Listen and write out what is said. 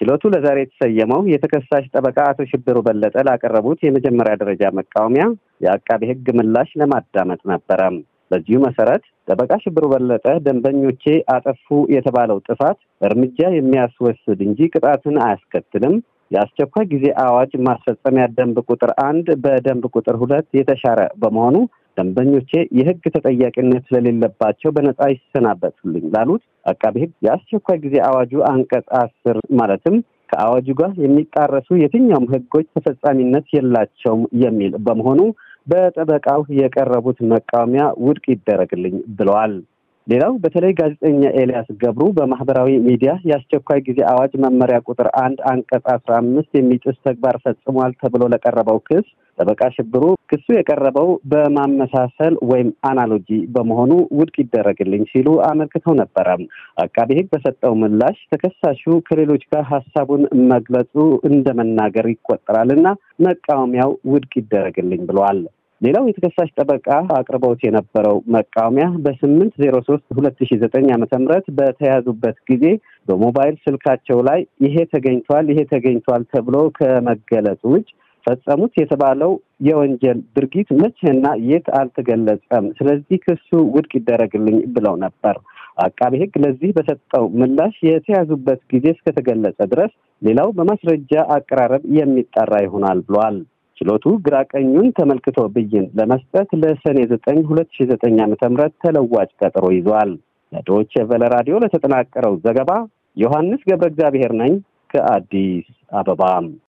ችሎቱ ለዛሬ የተሰየመው የተከሳሽ ጠበቃ አቶ ሽብሩ በለጠ ላቀረቡት የመጀመሪያ ደረጃ መቃወሚያ የአቃቢ ሕግ ምላሽ ለማዳመጥ ነበረ። በዚሁ መሰረት ጠበቃ ሽብሩ በለጠ ደንበኞቼ አጠፉ የተባለው ጥፋት እርምጃ የሚያስወስድ እንጂ ቅጣትን አያስከትልም። የአስቸኳይ ጊዜ አዋጅ ማስፈጸሚያ ደንብ ቁጥር አንድ በደንብ ቁጥር ሁለት የተሻረ በመሆኑ ደንበኞቼ የህግ ተጠያቂነት ስለሌለባቸው በነጻ ይሰናበቱልኝ ላሉት አቃቤ ህግ የአስቸኳይ ጊዜ አዋጁ አንቀጽ አስር ማለትም ከአዋጁ ጋር የሚጣረሱ የትኛውም ህጎች ተፈጻሚነት የላቸውም የሚል በመሆኑ በጠበቃው የቀረቡት መቃወሚያ ውድቅ ይደረግልኝ ብለዋል። ሌላው በተለይ ጋዜጠኛ ኤልያስ ገብሩ በማህበራዊ ሚዲያ የአስቸኳይ ጊዜ አዋጅ መመሪያ ቁጥር አንድ አንቀጽ አስራ አምስት የሚጥስ ተግባር ፈጽሟል ተብሎ ለቀረበው ክስ ጠበቃ ሽብሩ ክሱ የቀረበው በማመሳሰል ወይም አናሎጂ በመሆኑ ውድቅ ይደረግልኝ ሲሉ አመልክተው ነበረ። አቃቢ ሕግ በሰጠው ምላሽ ተከሳሹ ከሌሎች ጋር ሀሳቡን መግለጹ እንደ መናገር ይቆጠራልና መቃወሚያው ውድቅ ይደረግልኝ ብለዋል። ሌላው የተከሳሽ ጠበቃ አቅርበውት የነበረው መቃወሚያ በስምንት ዜሮ ሶስት ሁለት ሺ ዘጠኝ ዓመተ ምህረት በተያዙበት ጊዜ በሞባይል ስልካቸው ላይ ይሄ ተገኝቷል ይሄ ተገኝቷል ተብሎ ከመገለጹ ውጭ ፈጸሙት የተባለው የወንጀል ድርጊት መቼና የት አልተገለጸም። ስለዚህ ክሱ ውድቅ ይደረግልኝ ብለው ነበር። አቃቢ ሕግ ለዚህ በሰጠው ምላሽ የተያዙበት ጊዜ እስከተገለጸ ድረስ ሌላው በማስረጃ አቀራረብ የሚጠራ ይሆናል ብሏል። ችሎቱ ግራቀኙን ተመልክቶ ብይን ለመስጠት ለሰኔ ዘጠኝ ሁለት ሺ ዘጠኝ ዓመተ ምህረት ተለዋጭ ቀጠሮ ይዟል። ለዶች ቨለ ራዲዮ ለተጠናቀረው ዘገባ ዮሐንስ ገብረ እግዚአብሔር ነኝ ከአዲስ አበባ